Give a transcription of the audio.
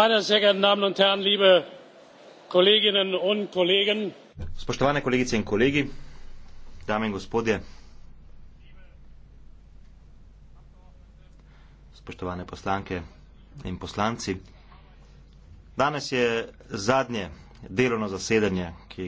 meine sehr geehrten damen und herren liebe kolleginnen und kollegen spoštovane kolegice in kolegi dame in gospodje spoštovane poslanke in poslanci danes je zadnje delovno zasedanje ki